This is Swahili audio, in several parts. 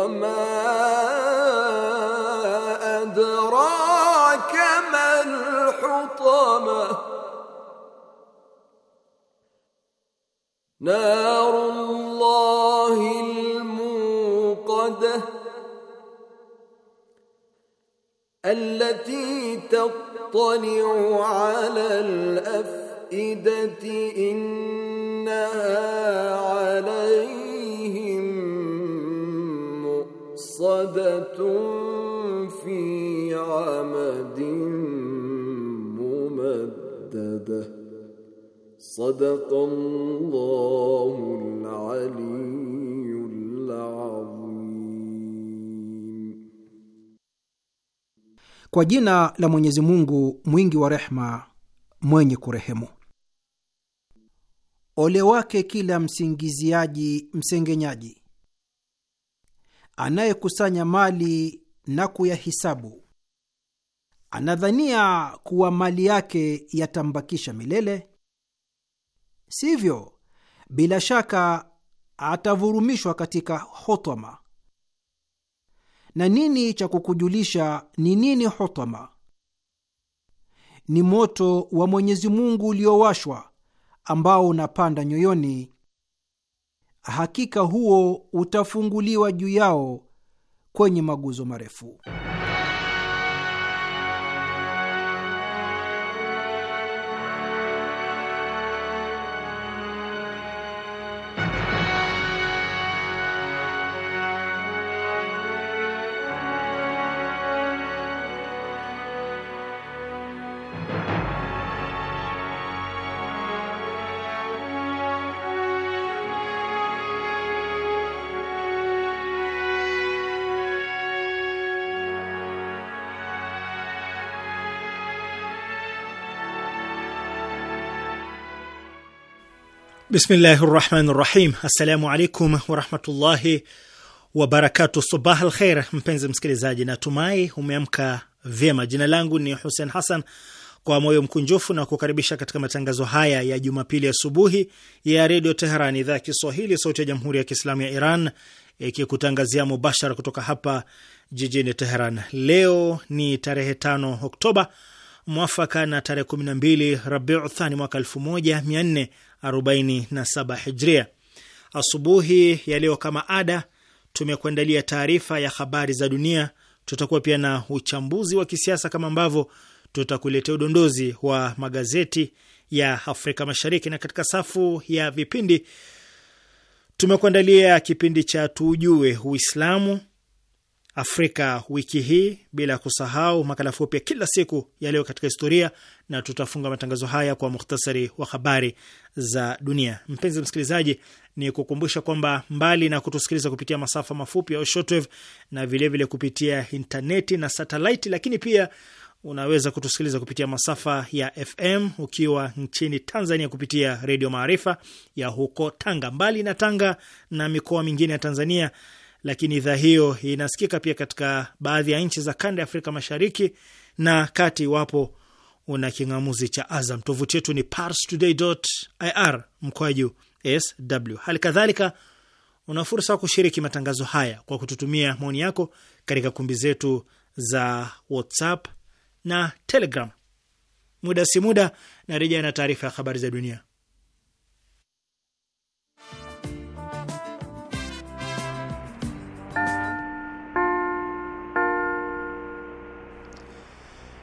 وما أدراك ما الحطمة نار الله الموقدة التي تطلع على الأفئدة إنها وامد ممدده صدق الله العلي kwa jina la mwenyezi mungu mwingi wa rehma mwenye kurehemu ole wake kila msingiziaji msengenyaji anayekusanya mali na kuyahisabu Anadhania kuwa mali yake yatambakisha milele? Sivyo, bila shaka atavurumishwa katika hotoma. Na nini cha kukujulisha ni nini hotoma? Ni moto wa Mwenyezi Mungu uliowashwa ambao unapanda nyoyoni. Hakika huo utafunguliwa juu yao kwenye maguzo marefu. Bismillahi rahmani rahim. Assalamu alaikum warahmatullahi wabarakatu. Subah al kheir, mpenzi msikilizaji, natumai umeamka vyema. Jina langu ni Hussein Hassan, kwa moyo mkunjufu na kukaribisha katika matangazo haya ya Jumapili asubuhi ya Redio Teheran, idhaa ya Kiswahili, sauti ya Jamhuri ya Kiislamu ya Iran, ikikutangazia mubashara kutoka hapa jijini Teheran. Leo ni tarehe 5 Oktoba mwafaka na tarehe 12 Rabiu Thani mwaka 1400 47 hijria. Asubuhi ya leo kama ada, tumekuandalia taarifa ya habari za dunia. Tutakuwa pia na uchambuzi wa kisiasa kama ambavyo tutakuletea udondozi wa magazeti ya Afrika Mashariki, na katika safu ya vipindi tumekuandalia kipindi cha tujue Uislamu Afrika wiki hii, bila kusahau makala fupi ya kila siku ya leo katika historia, na tutafunga matangazo haya kwa muhtasari wa habari za dunia. Mpenzi msikilizaji, ni kukumbusha kwamba mbali na kutusikiliza kupitia masafa mafupi au shortwave na vilevile vile kupitia intaneti na satelaiti, lakini pia unaweza kutusikiliza kupitia masafa ya FM ukiwa nchini Tanzania kupitia Redio Maarifa ya huko Tanga. Mbali na Tanga na mikoa mingine ya Tanzania, lakini idhaa hiyo inasikika pia katika baadhi ya nchi za kanda ya Afrika Mashariki na kati, iwapo una king'amuzi cha Azam. Tovuti yetu ni parstoday.ir mkwaju sw. Hali kadhalika una fursa ya kushiriki matangazo haya kwa kututumia maoni yako katika kumbi zetu za WhatsApp na Telegram. Muda si muda na na taarifa ya habari za dunia.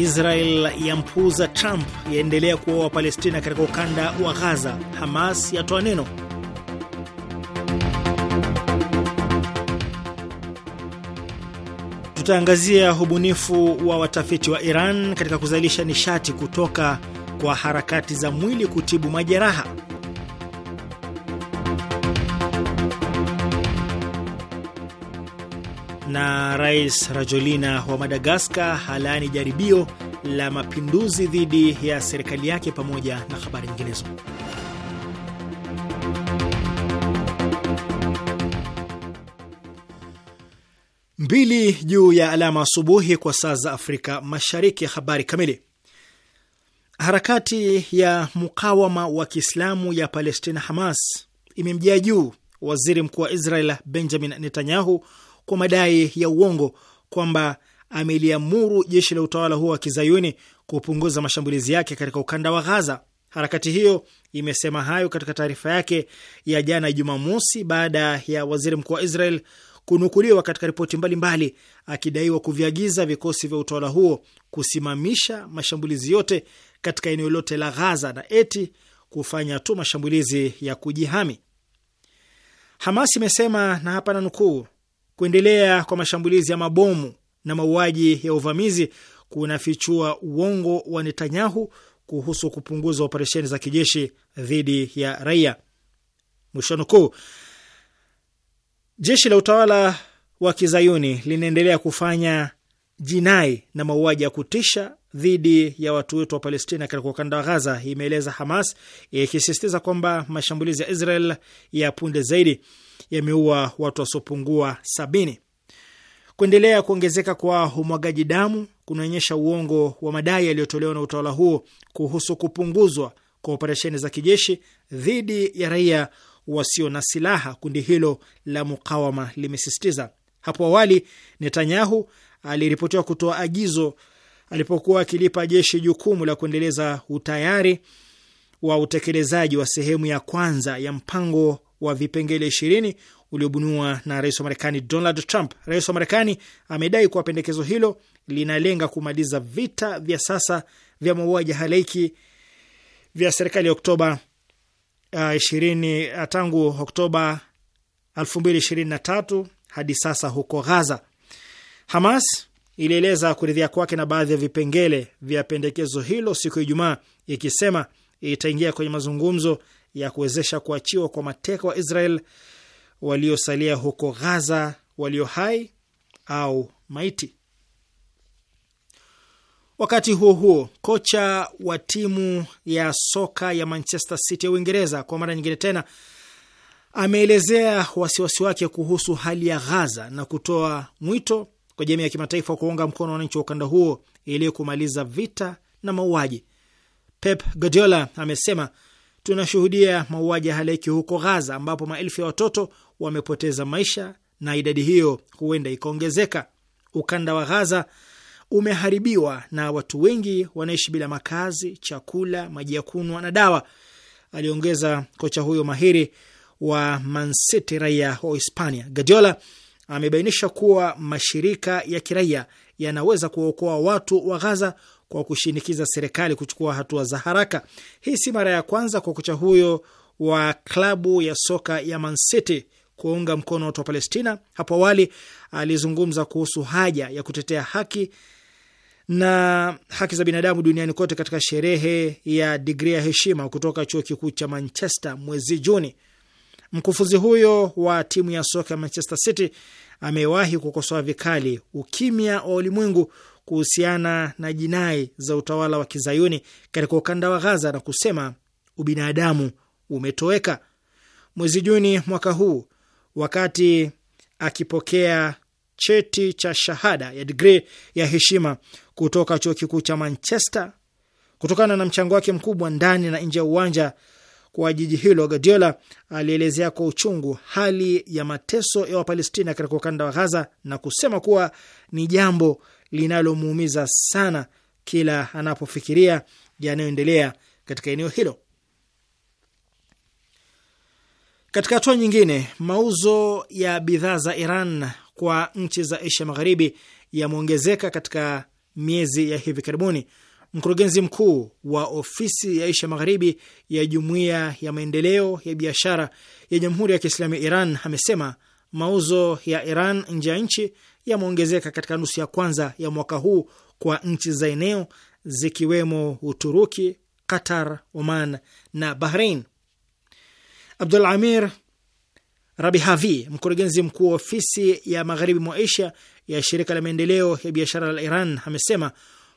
Israel yampuuza Trump, yaendelea kuwaua Wapalestina katika ukanda wa Ghaza. Hamas yatoa neno. Tutaangazia ubunifu wa watafiti wa Iran katika kuzalisha nishati kutoka kwa harakati za mwili kutibu majeraha. na Rais Rajolina wa Madagaskar halaani jaribio la mapinduzi dhidi ya serikali yake, pamoja na habari nyinginezo. Mbili juu ya alama asubuhi kwa saa za Afrika Mashariki. Habari kamili. Harakati ya mukawama wa Kiislamu ya Palestina, Hamas, imemjia juu waziri mkuu wa Israel Benjamin Netanyahu kwa madai ya uongo kwamba ameliamuru jeshi la utawala huo wa kizayuni kupunguza mashambulizi yake katika ukanda wa Ghaza. Harakati hiyo imesema hayo katika taarifa yake ya jana Jumamosi baada ya waziri mkuu wa Israel kunukuliwa katika ripoti mbalimbali akidaiwa kuviagiza vikosi vya utawala huo kusimamisha mashambulizi yote katika eneo lote la Ghaza na eti kufanya tu mashambulizi ya kujihami. Hamas imesema na hapa na nukuu, Kuendelea kwa mashambulizi ya mabomu na mauaji ya uvamizi kunafichua uongo wa Netanyahu kuhusu kupunguza operesheni za kijeshi dhidi ya raia. Mwisho nukuu. Jeshi la utawala wa kizayuni linaendelea kufanya jinai na mauaji ya kutisha dhidi ya watu wetu wa Palestina katika ukanda wa Ghaza, imeeleza Hamas ikisisitiza kwamba mashambulizi ya Israel ya punde zaidi yameua watu wasiopungua sabini. Kuendelea kuongezeka kwa umwagaji damu kunaonyesha uongo wa madai yaliyotolewa na utawala huo kuhusu kupunguzwa kwa operesheni za kijeshi dhidi ya raia wasio na silaha, kundi hilo la mukawama limesisitiza. Hapo awali Netanyahu aliripotiwa kutoa agizo alipokuwa akilipa jeshi jukumu la kuendeleza utayari wa utekelezaji wa sehemu ya kwanza ya mpango wa vipengele ishirini uliobuniwa na rais wa Marekani Donald Trump. Rais wa Marekani amedai kuwa pendekezo hilo linalenga kumaliza vita vya sasa vya mauaji halaiki vya serikali ya Oktoba uh, uh tangu Oktoba tatu hadi sasa huko Ghaza. Hamas ilieleza kuridhia kwake na baadhi ya vipengele vya pendekezo hilo siku ya Ijumaa, ikisema itaingia kwenye mazungumzo ya kuwezesha kuachiwa kwa mateka wa Israel waliosalia huko Ghaza, walio hai au maiti. Wakati huo huo, kocha wa timu ya soka ya Manchester City ya Uingereza kwa mara nyingine tena ameelezea wasiwasi wake kuhusu hali ya Ghaza na kutoa mwito kwa jamii ya kimataifa kuunga mkono wananchi wa ukanda huo ili kumaliza vita na mauaji. Pep Guardiola amesema tunashuhudia mauaji ya halaiki huko Ghaza ambapo maelfu ya watoto wamepoteza maisha na idadi hiyo huenda ikaongezeka. Ukanda wa Ghaza umeharibiwa na watu wengi wanaishi bila makazi, chakula, maji ya kunywa na dawa, aliongeza kocha huyo mahiri wa Man City, raia wa Hispania. Guardiola amebainisha kuwa mashirika ya kiraia yanaweza kuwaokoa watu wa Ghaza kwa kushinikiza serikali kuchukua hatua za haraka. Hii si mara ya kwanza kwa kocha huyo wa klabu ya soka ya Man City mkono watu wa Palestina. Hapo awali alizungumza kuhusu haja ya kutetea haki na haki za binadamu duniani kote katika sherehe ya digrii ya heshima kutoka chuo kikuu cha Manchester mwezi Juni. Mkufunzi huyo wa timu ya soka ya Manchester City amewahi kukosoa vikali ukimya wa ulimwengu kuhusiana na jinai za utawala wa kizayuni katika ukanda wa Ghaza na kusema ubinadamu umetoweka. Mwezi Juni mwaka huu, wakati akipokea cheti cha shahada ya digrii ya heshima kutoka chuo kikuu cha Manchester kutokana na mchango wake mkubwa ndani na nje ya uwanja kwa jiji hilo, Guardiola alielezea kwa uchungu hali ya mateso ya Wapalestina katika ukanda wa Ghaza na kusema kuwa ni jambo linalomuumiza sana kila anapofikiria yanayoendelea katika eneo hilo. Katika hatua nyingine, mauzo ya bidhaa za Iran kwa nchi za Asia Magharibi yameongezeka katika miezi ya hivi karibuni. Mkurugenzi mkuu wa ofisi ya Asia Magharibi ya Jumuiya ya Maendeleo ya Biashara ya Jamhuri ya Kiislamu ya Iran amesema mauzo ya Iran nje ya nchi yameongezeka katika nusu ya kwanza ya mwaka huu kwa nchi za eneo zikiwemo Uturuki, Qatar, Oman na Bahrain. Abdul Amir Rabihavi, mkurugenzi mkuu wa ofisi ya magharibi mwa Asia ya shirika la maendeleo ya biashara la Iran, amesema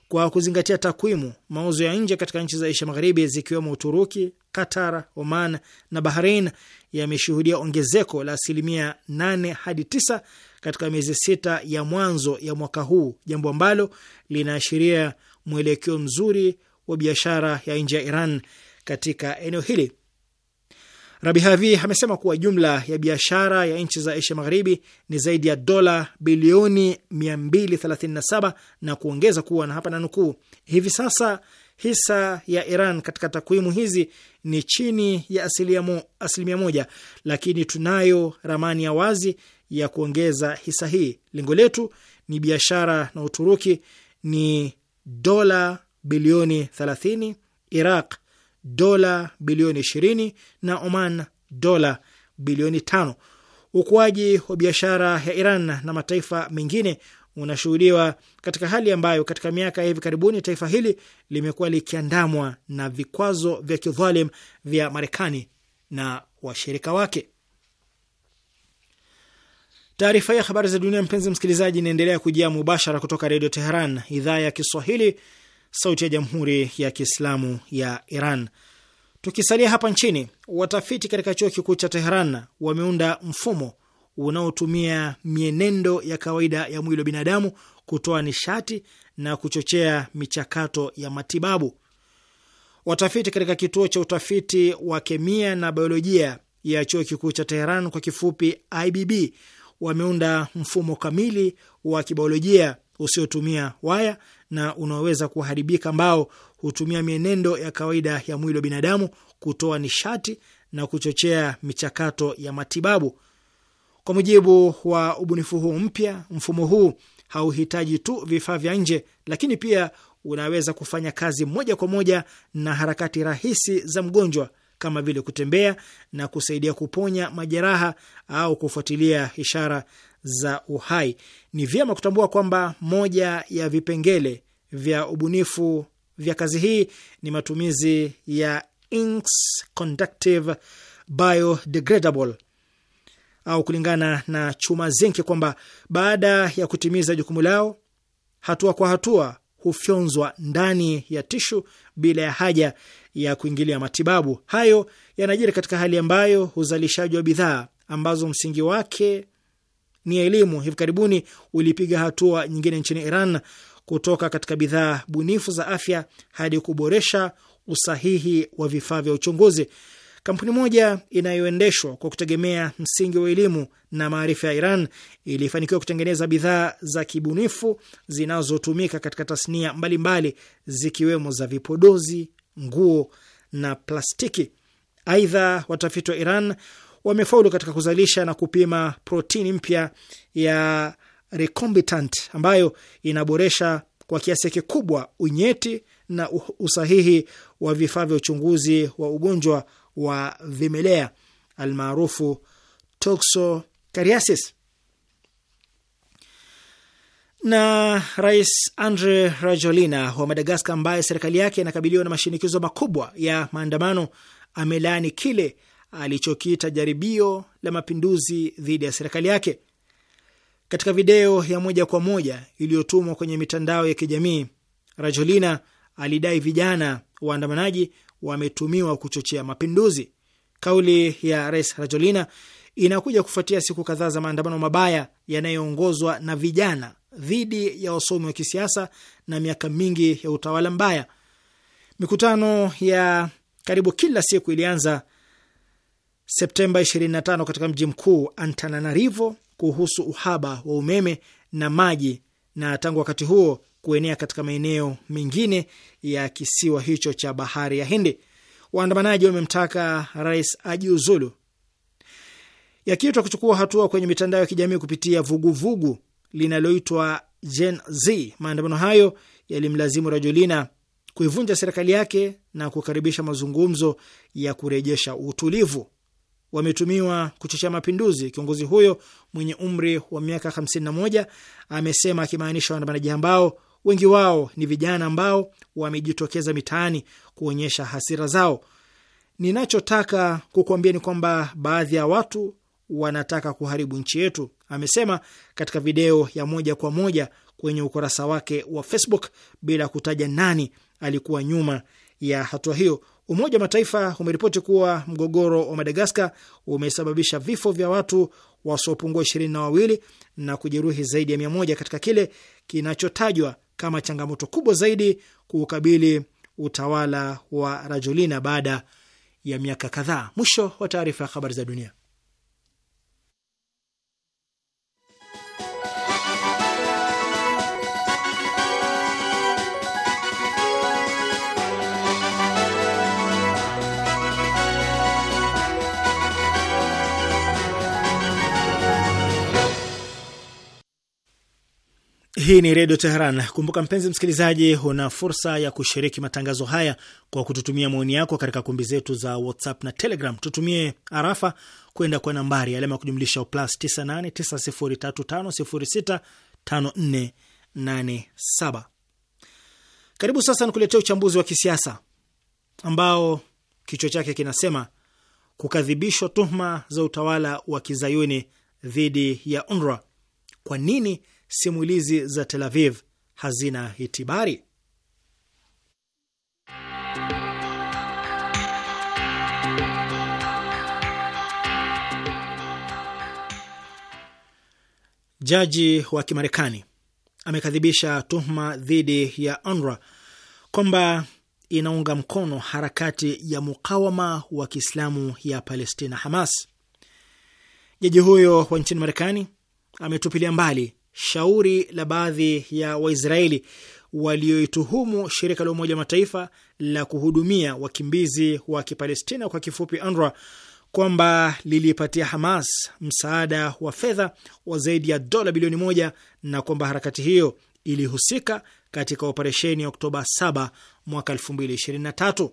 kwa kuzingatia takwimu, mauzo ya nje katika nchi za Asia magharibi zikiwemo Uturuki, Qatar, Oman na Bahrain yameshuhudia ongezeko la asilimia 8 hadi 9 katika miezi sita ya mwanzo ya mwaka huu, jambo ambalo linaashiria mwelekeo mzuri wa biashara ya nje ya Iran katika eneo hili. Rabihavi amesema kuwa jumla ya biashara ya nchi za Asia Magharibi ni zaidi ya dola bilioni 237 na kuongeza kuwa na hapa na nukuu, hivi sasa hisa ya Iran katika takwimu hizi ni chini ya asilimia mo, asilimia moja, lakini tunayo ramani ya wazi ya kuongeza hisa hii. Lengo letu ni biashara na Uturuki ni dola bilioni 30, Iraq dola bilioni 20 na Oman dola bilioni 5. Ukuaji wa biashara ya Iran na mataifa mengine unashuhudiwa katika hali ambayo katika miaka ya hivi karibuni taifa hili limekuwa likiandamwa na vikwazo vya kidhalim vya Marekani na washirika wake. Taarifa ya habari za dunia, mpenzi msikilizaji, inaendelea kujia mubashara kutoka Redio Teheran, idhaa ya Kiswahili, sauti ya Jamhuri ya Kiislamu ya Iran. Tukisalia hapa nchini, watafiti katika chuo kikuu cha Teheran wameunda mfumo unaotumia mienendo ya kawaida ya mwili wa binadamu kutoa nishati na kuchochea michakato ya matibabu. Watafiti katika kituo cha utafiti wa kemia na biolojia ya chuo kikuu cha Teheran, kwa kifupi IBB, wameunda mfumo kamili wa kibiolojia usiotumia waya na unaoweza kuharibika ambao hutumia mienendo ya kawaida ya mwili wa binadamu kutoa nishati na kuchochea michakato ya matibabu. Kwa mujibu wa ubunifu huu mpya, mfumo huu hauhitaji tu vifaa vya nje, lakini pia unaweza kufanya kazi moja kwa moja na harakati rahisi za mgonjwa kama vile kutembea na kusaidia kuponya majeraha au kufuatilia ishara za uhai. Ni vyema kutambua kwamba moja ya vipengele vya ubunifu vya kazi hii ni matumizi ya inks conductive biodegradable au kulingana na chuma zinki, kwamba baada ya kutimiza jukumu lao, hatua kwa hatua hufyonzwa ndani ya tishu bila ya haja ya kuingilia matibabu. Hayo yanajiri katika hali ambayo uzalishaji wa bidhaa ambazo msingi wake ni elimu hivi karibuni ulipiga hatua nyingine nchini Iran kutoka katika bidhaa bunifu za afya hadi kuboresha usahihi wa vifaa vya uchunguzi. Kampuni moja inayoendeshwa kwa kutegemea msingi wa elimu na maarifa ya Iran ilifanikiwa kutengeneza bidhaa za kibunifu zinazotumika katika tasnia mbalimbali zikiwemo za vipodozi, nguo na plastiki. Aidha, watafiti wa Iran wamefaulu katika kuzalisha na kupima protini mpya ya recombinant ambayo inaboresha kwa kiasi kikubwa unyeti na usahihi wa vifaa vya uchunguzi wa ugonjwa wa vimelea almaarufu toxocariasis na Rais Andre Rajolina wa Madagaskar, ambaye serikali yake inakabiliwa na mashinikizo makubwa ya maandamano, amelaani kile alichokiita jaribio la mapinduzi dhidi ya serikali yake. Katika video ya moja kwa moja iliyotumwa kwenye mitandao ya kijamii, Rajolina alidai vijana waandamanaji wametumiwa kuchochea mapinduzi. Kauli ya Rais Rajolina inakuja kufuatia siku kadhaa za maandamano mabaya yanayoongozwa na vijana dhidi ya wasomi wa kisiasa na miaka mingi ya utawala mbaya. Mikutano ya karibu kila siku ilianza Septemba 25 katika mji mkuu Antananarivo kuhusu uhaba wa umeme na maji, na tangu wakati huo kuenea katika maeneo mengine ya kisiwa hicho cha bahari ya Hindi. Waandamanaji wamemtaka rais ajiuzulu, yakiitwa kuchukua hatua kwenye mitandao ya kijamii kupitia vuguvugu vugu linaloitwa Gen Z. Maandamano hayo yalimlazimu Rajolina kuivunja serikali yake na kukaribisha mazungumzo ya kurejesha utulivu. Wametumiwa kuchochea mapinduzi, kiongozi huyo mwenye umri wa miaka 51 amesema, akimaanisha waandamanaji ambao wengi wao ni vijana ambao wamejitokeza mitaani kuonyesha hasira zao. Ninachotaka kukuambia ni kwamba baadhi ya watu wanataka kuharibu nchi yetu, amesema katika video ya moja kwa moja kwenye ukurasa wake wa Facebook bila kutaja nani alikuwa nyuma ya hatua hiyo. Umoja wa Mataifa umeripoti kuwa mgogoro wa Madagaskar umesababisha vifo vya watu wasiopungua ishirini na wawili na kujeruhi zaidi ya mia moja katika kile kinachotajwa kama changamoto kubwa zaidi kuukabili utawala wa Rajolina baada ya miaka kadhaa. Mwisho wa taarifa ya habari za dunia. Hii ni Redio Teheran. Kumbuka mpenzi msikilizaji, una fursa ya kushiriki matangazo haya kwa kututumia maoni yako katika kumbi zetu za WhatsApp na Telegram. Tutumie arafa kwenda kwa nambari alama ya kujumlisha plus 989035065487. Karibu sasa nikuletea uchambuzi wa kisiasa ambao kichwa chake kinasema kukadhibishwa tuhuma za utawala wa kizayuni dhidi ya UNRWA, kwa nini simulizi za Tel Aviv hazina itibari. Jaji wa Kimarekani amekadhibisha tuhuma dhidi ya UNRWA kwamba inaunga mkono harakati ya mukawama wa Kiislamu ya Palestina, Hamas. Jaji huyo wa nchini Marekani ametupilia mbali shauri la baadhi ya Waisraeli walioituhumu shirika la Umoja Mataifa la kuhudumia wakimbizi wa Kipalestina kwa kifupi UNRWA kwamba liliipatia Hamas msaada wa fedha wa zaidi ya dola bilioni moja na kwamba harakati hiyo ilihusika katika operesheni ya Oktoba 7 mwaka 2023.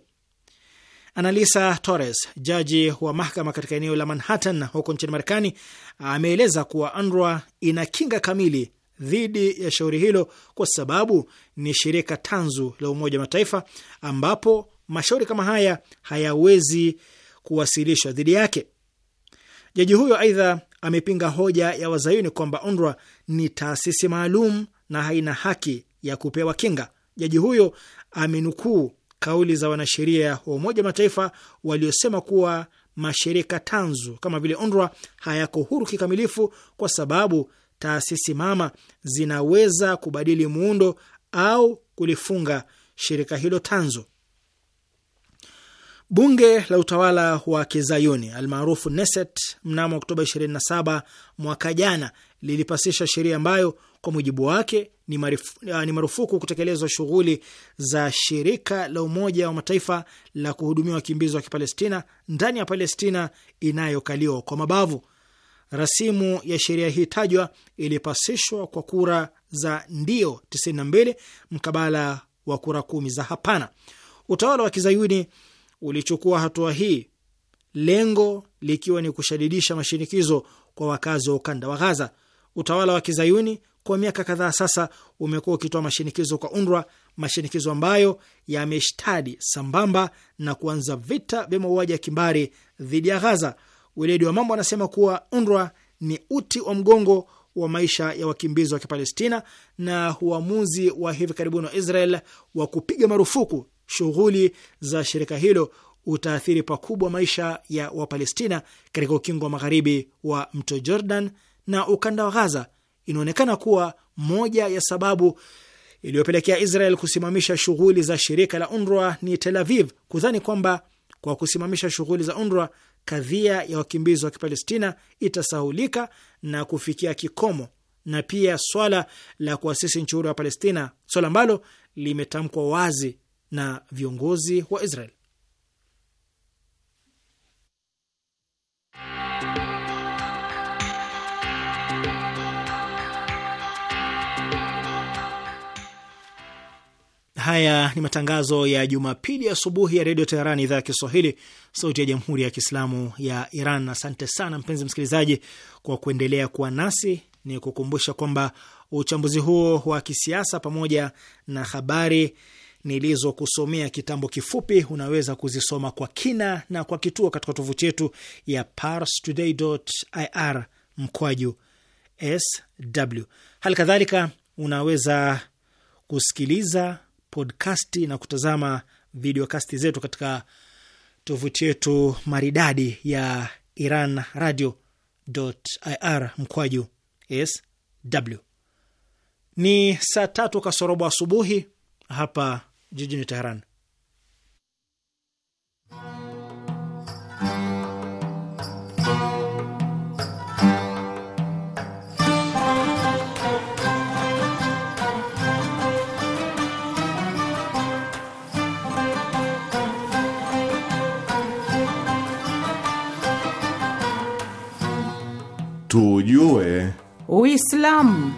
Analisa Torres, jaji wa mahakama katika eneo la Manhattan huko nchini Marekani, ameeleza kuwa UNRWA ina kinga kamili dhidi ya shauri hilo kwa sababu ni shirika tanzu la Umoja wa Mataifa ambapo mashauri kama haya hayawezi kuwasilishwa dhidi yake. Jaji huyo aidha amepinga hoja ya wazayuni kwamba UNRWA ni taasisi maalum na haina haki ya kupewa kinga. Jaji huyo amenukuu kauli za wanasheria wa Umoja Mataifa waliosema kuwa mashirika tanzu kama vile UNRWA hayako huru kikamilifu kwa sababu taasisi mama zinaweza kubadili muundo au kulifunga shirika hilo tanzu. Bunge la utawala wa kizayuni almaarufu Neset mnamo Oktoba 27 mwaka jana lilipasisha sheria ambayo kwa mujibu wake ni, marifu, eh, ni marufuku kutekelezwa shughuli za shirika la Umoja wa Mataifa la kuhudumia wakimbizi wa Kipalestina ndani ya Palestina inayokaliwa kwa mabavu. Rasimu ya sheria hii tajwa ilipasishwa kwa kura za ndio 92 mkabala wa kura kumi za hapana. Utawala wa kizayuni ulichukua hatua hii, lengo likiwa ni kushadidisha mashinikizo kwa wakazi wa ukanda wa Ghaza. Utawala wa kizayuni kwa miaka kadhaa sasa umekuwa ukitoa mashinikizo kwa UNRWA, mashinikizo ambayo yameshtadi sambamba na kuanza vita vya mauaji ya kimbari dhidi ya Ghaza. Weledi wa mambo anasema kuwa UNRWA ni uti wa mgongo wa maisha ya wakimbizi wa Kipalestina, na uamuzi wa hivi karibuni wa Israel wa kupiga marufuku shughuli za shirika hilo utaathiri pakubwa maisha ya Wapalestina katika ukingo wa magharibi wa mto Jordan na ukanda wa Ghaza inaonekana kuwa moja ya sababu iliyopelekea Israel kusimamisha shughuli za shirika la UNRWA ni Tel Aviv kudhani kwamba kwa kusimamisha shughuli za UNRWA kadhia ya wakimbizi wa Kipalestina itasahulika na kufikia kikomo, na pia swala la kuasisi nchi huru ya Palestina, swala ambalo limetamkwa wazi na viongozi wa Israel. haya ni matangazo ya Jumapili asubuhi ya redio Teherani, idhaa ya Kiswahili, sauti ya jamhuri ya kiislamu ya Iran. Asante sana mpenzi msikilizaji kwa kuendelea kuwa nasi. Ni kukumbusha kwamba uchambuzi huo wa kisiasa pamoja na habari nilizokusomea kitambo kifupi unaweza kuzisoma kwa kina na kwa kituo katika tovuti yetu ya parstoday.ir mkwaju sw. Hali kadhalika unaweza kusikiliza podkasti na kutazama videokasti zetu katika tovuti yetu maridadi ya Iran radio ir mkwaju sw. Ni saa tatu kasorobo asubuhi hapa jijini Teheran tujue Uislamu.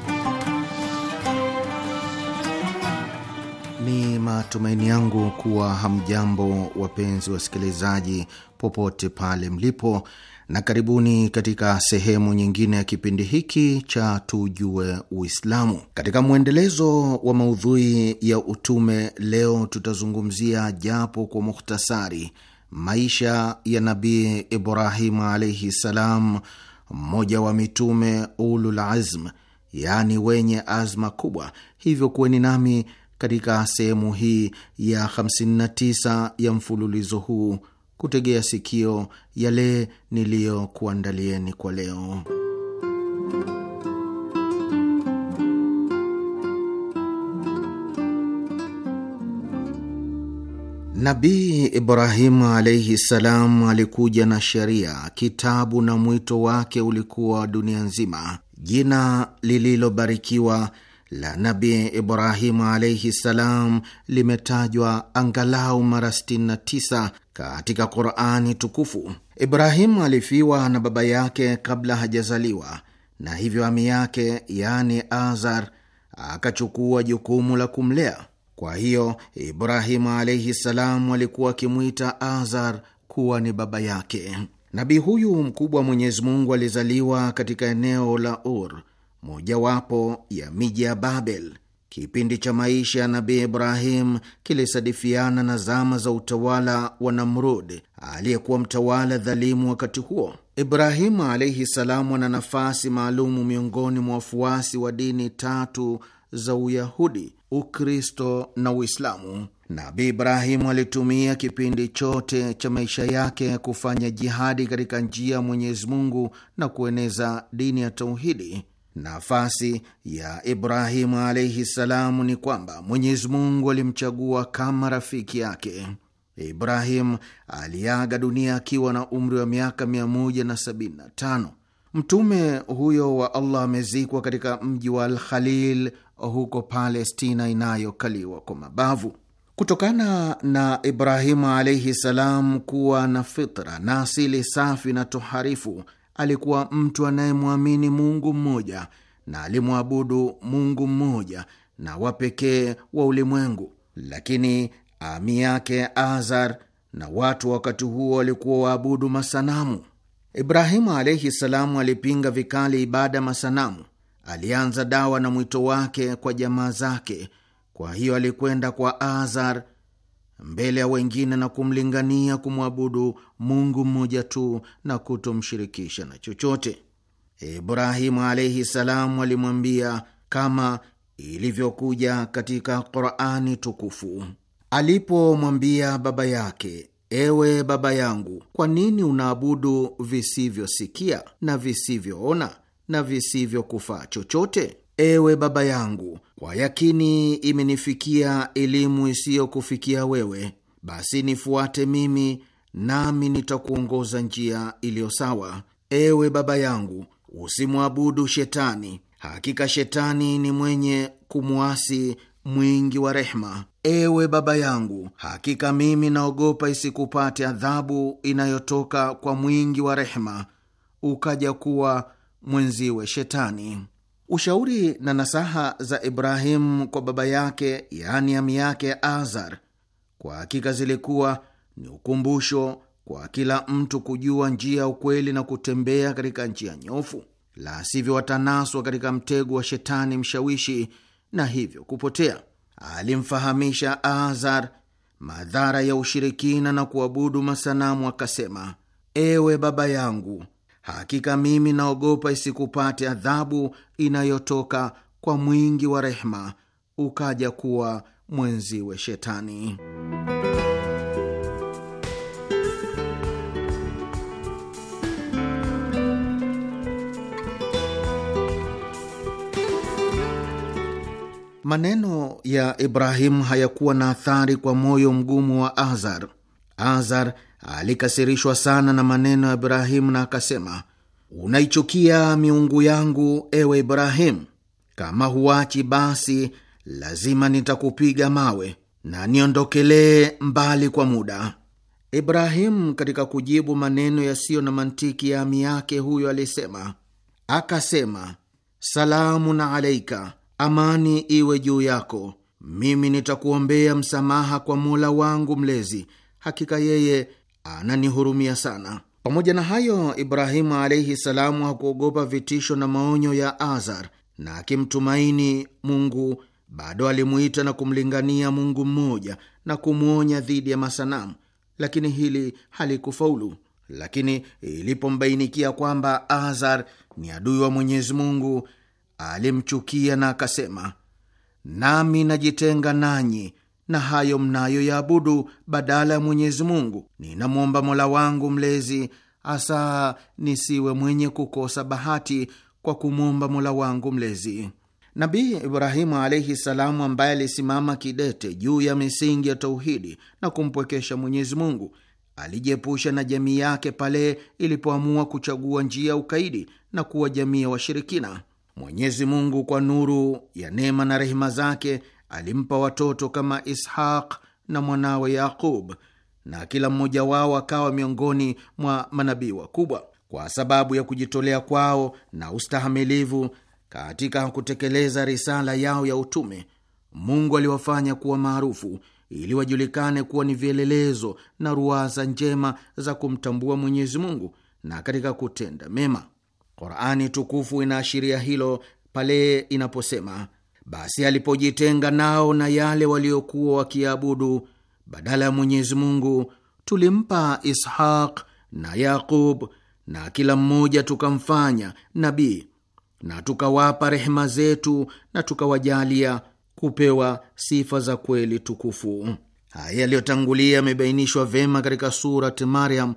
Ni matumaini yangu kuwa hamjambo, wapenzi wasikilizaji, popote pale mlipo, na karibuni katika sehemu nyingine ya kipindi hiki cha tujue Uislamu. Katika mwendelezo wa maudhui ya utume, leo tutazungumzia japo kwa mukhtasari maisha ya Nabii Ibrahimu alaihi salam mmoja wa mitume ulul azm, yaani wenye azma kubwa. Hivyo kuweni nami katika sehemu hii ya 59 ya mfululizo huu kutegea sikio yale niliyokuandalieni kwa leo. Nabii Ibrahimu alaihi salam alikuja na sheria, kitabu na mwito wake ulikuwa dunia nzima. Jina lililobarikiwa la Nabii Ibrahimu alaihi salam limetajwa angalau mara 69 katika Qurani tukufu. Ibrahimu alifiwa na baba yake kabla hajazaliwa, na hivyo ami yake, yaani Azar, akachukua jukumu la kumlea. Kwa hiyo Ibrahimu alaihi salam alikuwa akimwita Azar kuwa ni baba yake. Nabii huyu mkubwa mwenyezimungu Mwenyezi Mungu alizaliwa katika eneo la Ur, mojawapo ya miji ya Babel. Kipindi cha maisha ya Nabii Ibrahim kilisadifiana na zama za utawala wa Namrud aliyekuwa mtawala dhalimu wakati huo. Ibrahimu alaihi salamu ana nafasi maalumu miongoni mwa wafuasi wa dini tatu za Uyahudi Ukristo na Uislamu. Nabi Ibrahimu alitumia kipindi chote cha maisha yake kufanya jihadi katika njia ya Mwenyezi Mungu na kueneza dini ya tauhidi. Nafasi ya Ibrahimu alaihi salamu ni kwamba Mwenyezi Mungu alimchagua kama rafiki yake. Ibrahim aliaga dunia akiwa na umri wa miaka 175. Mtume huyo wa Allah amezikwa katika mji wa Alkhalil huko Palestina inayokaliwa kwa mabavu. Kutokana na Ibrahimu alaihi salam kuwa na fitra na asili safi na toharifu, alikuwa mtu anayemwamini Mungu mmoja na alimwabudu Mungu mmoja na wa pekee wa ulimwengu. Lakini ami yake Azar na watu wakati huo walikuwa waabudu masanamu. Ibrahimu alaihi salamu alipinga vikali ibada masanamu alianza dawa na mwito wake kwa jamaa zake. Kwa hiyo alikwenda kwa Azar mbele ya wengine na kumlingania kumwabudu Mungu mmoja tu na kutomshirikisha na chochote. Ibrahimu alaihi salamu alimwambia kama ilivyokuja katika Qurani tukufu alipomwambia baba yake, ewe baba yangu, kwa nini unaabudu visivyosikia na visivyoona? na visivyokufaa chochote. Ewe baba yangu, kwa yakini imenifikia elimu isiyokufikia wewe, basi nifuate mimi, nami nitakuongoza njia iliyo sawa. Ewe baba yangu, usimwabudu shetani, hakika shetani ni mwenye kumwasi mwingi wa rehema. Ewe baba yangu, hakika mimi naogopa isikupate adhabu inayotoka kwa mwingi wa rehema, ukaja kuwa mwenziwe Shetani. Ushauri na nasaha za Ibrahimu kwa baba yake, yaani ami yake Azar, kwa hakika zilikuwa ni ukumbusho kwa kila mtu kujua njia ya ukweli na kutembea katika njia nyofu, la sivyo watanaswa katika mtego wa shetani mshawishi na hivyo kupotea. Alimfahamisha Azar madhara ya ushirikina na kuabudu masanamu, akasema: ewe baba yangu, Hakika mimi naogopa isikupate adhabu inayotoka kwa mwingi wa rehema, ukaja kuwa mwenziwe Shetani. Maneno ya Ibrahimu hayakuwa na athari kwa moyo mgumu wa Azar. Azar alikasirishwa sana na maneno ya Ibrahimu na akasema, unaichukia miungu yangu, ewe Ibrahimu? Kama huachi, basi lazima nitakupiga mawe na niondokelee mbali kwa muda. Ibrahimu katika kujibu maneno yasiyo na mantiki ya ami yake huyo alisema, akasema salamun alaika, amani iwe juu yako. Mimi nitakuombea msamaha kwa Mola wangu Mlezi, hakika yeye ananihurumia sana. Pamoja na hayo, Ibrahimu alaihi salamu hakuogopa vitisho na maonyo ya Azar, na akimtumaini Mungu bado alimuita na kumlingania Mungu mmoja na kumwonya dhidi ya masanamu, lakini hili halikufaulu. Lakini ilipombainikia kwamba Azar ni adui wa Mwenyezi Mungu, alimchukia na akasema, nami najitenga nanyi na hayo mnayoyaabudu badala ya Mwenyezi Mungu. Ninamwomba Mola wangu Mlezi, hasa nisiwe mwenye kukosa bahati kwa kumwomba Mola wangu Mlezi. Nabii Ibrahimu alaihi salamu, ambaye alisimama kidete juu ya misingi ya tauhidi na kumpwekesha Mwenyezi Mungu, alijiepusha na jamii yake pale ilipoamua kuchagua njia ya ukaidi na kuwa jamii ya washirikina. Mwenyezi Mungu kwa nuru ya neema na rehema zake alimpa watoto kama Ishaq na mwanawe Yaqub, na kila mmoja wao akawa miongoni mwa manabii wakubwa. Kwa sababu ya kujitolea kwao na ustahamilivu katika kutekeleza risala yao ya utume, Mungu aliwafanya kuwa maarufu ili wajulikane kuwa ni vielelezo na ruwaza njema za kumtambua Mwenyezi Mungu na katika kutenda mema. Qurani tukufu inaashiria hilo pale inaposema basi alipojitenga nao na yale waliokuwa wakiabudu badala ya Mwenyezi Mungu, tulimpa Ishaq na Yaqub na kila mmoja tukamfanya nabii na tukawapa rehema zetu na tukawajalia kupewa sifa za kweli tukufu. Haya yaliyotangulia yamebainishwa vema katika surat Maryam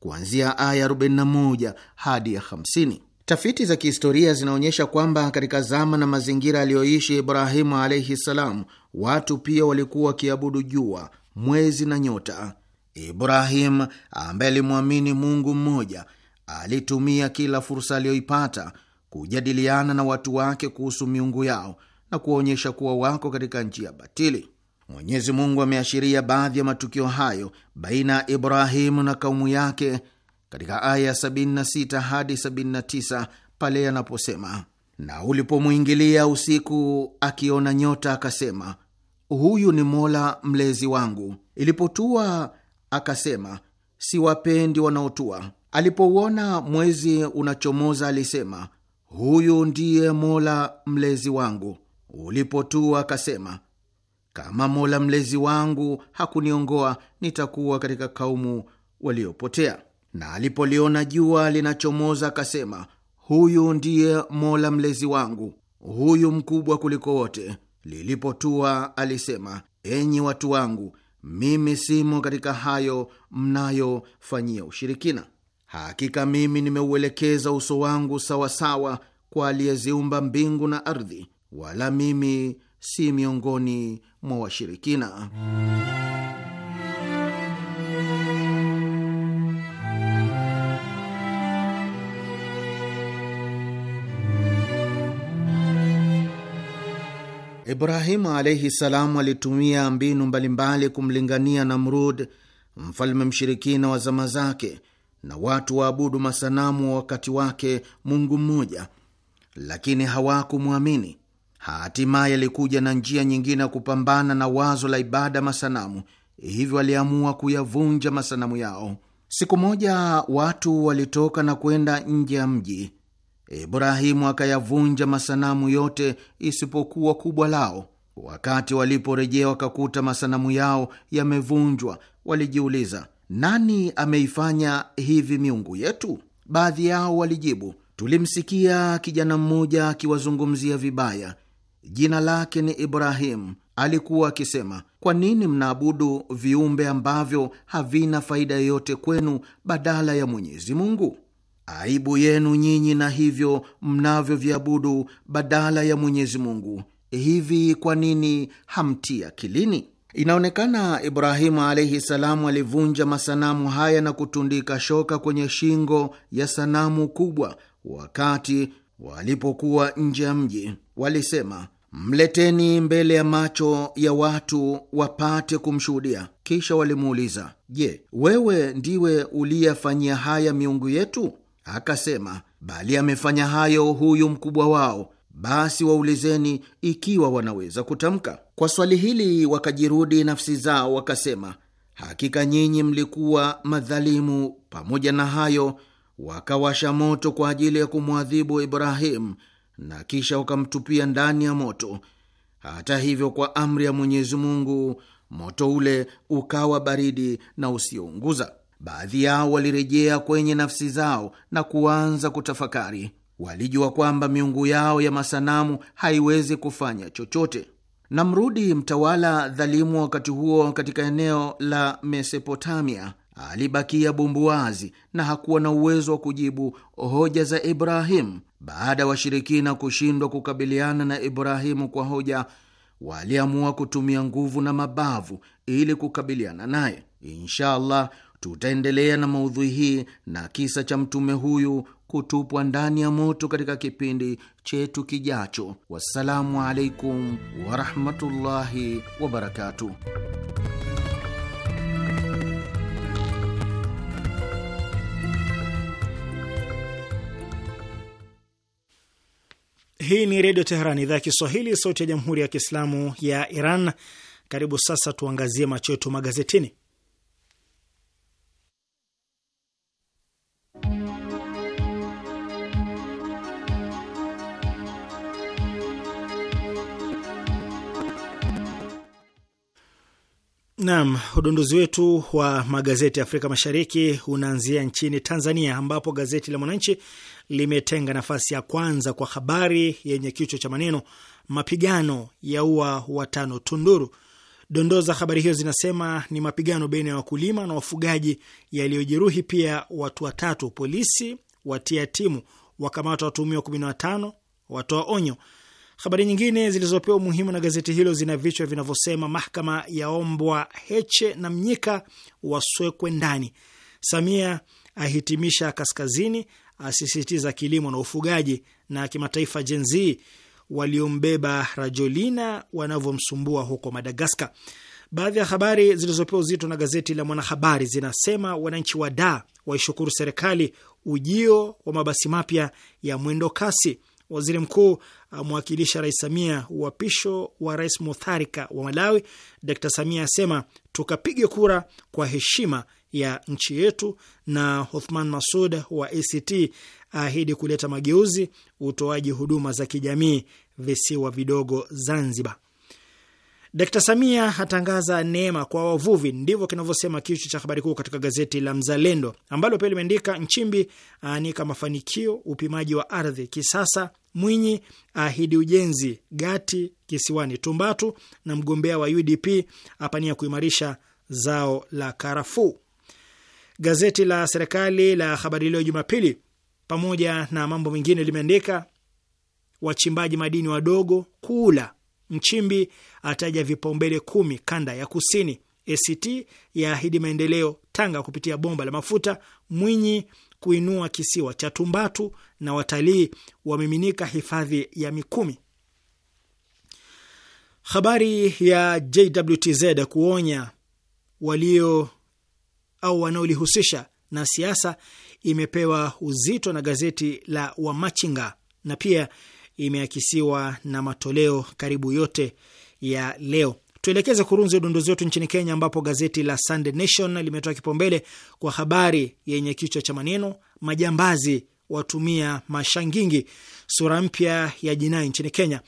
kuanzia aya 41 hadi ya 50. Tafiti za kihistoria zinaonyesha kwamba katika zama na mazingira aliyoishi Ibrahimu alaihi ssalam, watu pia walikuwa wakiabudu jua, mwezi na nyota. ibrahimu ambaye alimwamini Mungu mmoja alitumia kila fursa aliyoipata kujadiliana na watu wake kuhusu miungu yao na kuwaonyesha kuwa wako katika njia batili. Mwenyezi Mungu ameashiria baadhi ya matukio hayo baina ya Ibrahimu na kaumu yake katika aya 76 hadi 79 pale anaposema na ulipomwingilia usiku akiona nyota akasema, huyu ni Mola mlezi wangu. Ilipotua akasema, siwapendi wanaotua. Alipouona mwezi unachomoza alisema, huyu ndiye Mola mlezi wangu. Ulipotua akasema, kama Mola mlezi wangu hakuniongoa nitakuwa katika kaumu waliopotea na alipoliona jua linachomoza akasema, huyu ndiye Mola mlezi wangu, huyu mkubwa kuliko wote. Lilipotua alisema, enyi watu wangu, mimi simo katika hayo mnayofanyia ushirikina. Hakika mimi nimeuelekeza uso wangu sawasawa kwa aliyeziumba mbingu na ardhi, wala mimi si miongoni mwa washirikina. Ibrahimu alaihi salamu alitumia mbinu mbalimbali kumlingania Namrud, mfalme mshirikina wa zama zake, na watu waabudu masanamu wa wakati wake Mungu mmoja, lakini hawakumwamini. Hatimaye alikuja na njia nyingine ya kupambana na wazo la ibada masanamu, hivyo aliamua kuyavunja masanamu yao. Siku moja watu walitoka na kwenda nje ya mji Ibrahimu akayavunja masanamu yote isipokuwa kubwa lao. Wakati waliporejea wakakuta masanamu yao yamevunjwa, walijiuliza, nani ameifanya hivi miungu yetu? Baadhi yao walijibu, tulimsikia kijana mmoja akiwazungumzia vibaya, jina lake ni Ibrahimu. Alikuwa akisema, kwa nini mnaabudu viumbe ambavyo havina faida yoyote kwenu badala ya Mwenyezi Mungu? aibu yenu nyinyi na hivyo mnavyoviabudu badala ya Mwenyezi Mungu. Hivi kwa nini hamtii akilini? Inaonekana Ibrahimu alaihi salamu alivunja masanamu haya na kutundika shoka kwenye shingo ya sanamu kubwa. Wakati walipokuwa nje ya mji, walisema mleteni mbele ya macho ya watu wapate kumshuhudia. Kisha walimuuliza, Je, wewe ndiwe uliyefanyia haya miungu yetu? Akasema, bali amefanya hayo huyu mkubwa wao, basi waulizeni ikiwa wanaweza kutamka. Kwa swali hili wakajirudi nafsi zao, wakasema, hakika nyinyi mlikuwa madhalimu. Pamoja na hayo, wakawasha moto kwa ajili ya kumwadhibu Ibrahimu na kisha wakamtupia ndani ya moto. Hata hivyo, kwa amri ya Mwenyezi Mungu moto ule ukawa baridi na usiounguza baadhi yao walirejea kwenye nafsi zao na kuanza kutafakari. Walijua kwamba miungu yao ya masanamu haiwezi kufanya chochote. Namrudi, mtawala dhalimu wakati huo katika eneo la Mesopotamia, alibakia bumbuazi na hakuwa na uwezo wa kujibu hoja za Ibrahimu. Baada ya washirikina kushindwa kukabiliana na Ibrahimu kwa hoja, waliamua kutumia nguvu na mabavu ili kukabiliana naye. Insha allah Tutaendelea na maudhui hii na kisa cha mtume huyu kutupwa ndani ya moto katika kipindi chetu kijacho. Wassalamu alaikum warahmatullahi wabarakatuh. Hii ni Redio Teheran, idhaa ya Kiswahili, sauti ya Jamhuri ya Kiislamu ya Iran. Karibu sasa tuangazie macho yetu magazetini. Naam, udondozi wetu wa magazeti ya Afrika Mashariki unaanzia nchini Tanzania, ambapo gazeti la Mwananchi limetenga nafasi ya kwanza kwa habari yenye kichwa cha maneno mapigano ya ua watano Tunduru. Dondoo za habari hiyo zinasema ni mapigano baina ya wakulima na wafugaji yaliyojeruhi pia watu watatu, polisi watia timu wakamata watuhumiwa kumi na watano, watoa onyo Habari nyingine zilizopewa umuhimu na gazeti hilo zina vichwa vinavyosema: mahakama yaombwa Heche na Mnyika waswekwe ndani, Samia ahitimisha kaskazini, asisitiza kilimo na ufugaji, na kimataifa, Gen Z waliombeba Rajolina wanavyomsumbua huko Madagaskar. Baadhi ya habari zilizopewa uzito na gazeti la Mwanahabari zinasema wananchi wa da waishukuru serikali, ujio wa mabasi mapya ya mwendo kasi Waziri mkuu amwakilisha Rais Samia uapisho wa Rais Mutharika wa Malawi. Dkt Samia asema tukapige kura kwa heshima ya nchi yetu, na Othman Masud wa ACT aahidi kuleta mageuzi utoaji huduma za kijamii visiwa vidogo Zanzibar. Dkt Samia atangaza neema kwa wavuvi, ndivyo kinavyosema kichwa cha habari kuu katika gazeti la Mzalendo ambalo pia limeandika Nchimbi aanika mafanikio upimaji wa ardhi kisasa, Mwinyi ahidi ujenzi gati kisiwani Tumbatu, na mgombea wa UDP apania kuimarisha zao la karafuu. Gazeti la serikali la Habari Leo Jumapili, pamoja na mambo mengine, limeandika wachimbaji madini wadogo kuula Mchimbi ataja vipaumbele kumi kanda ya kusini. ACT yaahidi maendeleo Tanga kupitia bomba la mafuta. Mwinyi kuinua kisiwa cha Tumbatu na watalii wamiminika hifadhi ya Mikumi. Habari ya JWTZ kuonya walio au wanaolihusisha na siasa imepewa uzito na gazeti la Wamachinga na pia imeakisiwa na matoleo karibu yote ya leo. Tuelekeze kurunzi udunduzi wetu nchini Kenya, ambapo gazeti la Sunday Nation limetoa kipaumbele kwa habari yenye kichwa cha maneno majambazi watumia mashangingi, sura mpya ya jinai nchini Kenya.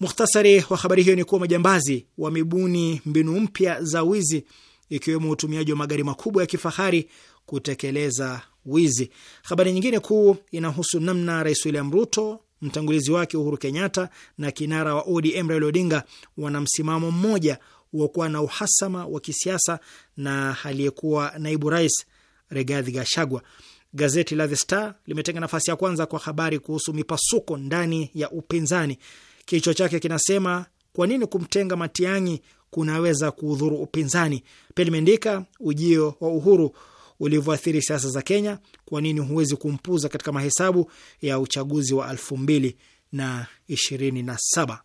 Muhtasari wa habari hiyo ni kuwa majambazi wamebuni mbinu mpya za wizi, ikiwemo utumiaji wa magari makubwa ya kifahari kutekeleza wizi. Habari nyingine kuu inahusu namna Rais William Ruto mtangulizi wake Uhuru Kenyatta na kinara wa ODM Raila Odinga wana msimamo mmoja wa kuwa na uhasama wa kisiasa na aliyekuwa naibu rais Rigathi Gachagua. Gazeti la The Star limetenga nafasi ya kwanza kwa habari kuhusu mipasuko ndani ya upinzani. Kichwa chake kinasema kwa nini kumtenga Matiang'i kunaweza kuudhuru upinzani. Pia limeandika ujio wa Uhuru ulivyoathiri siasa za Kenya. Kwa nini huwezi kumpuza katika mahesabu ya uchaguzi wa elfu mbili na ishirini na saba?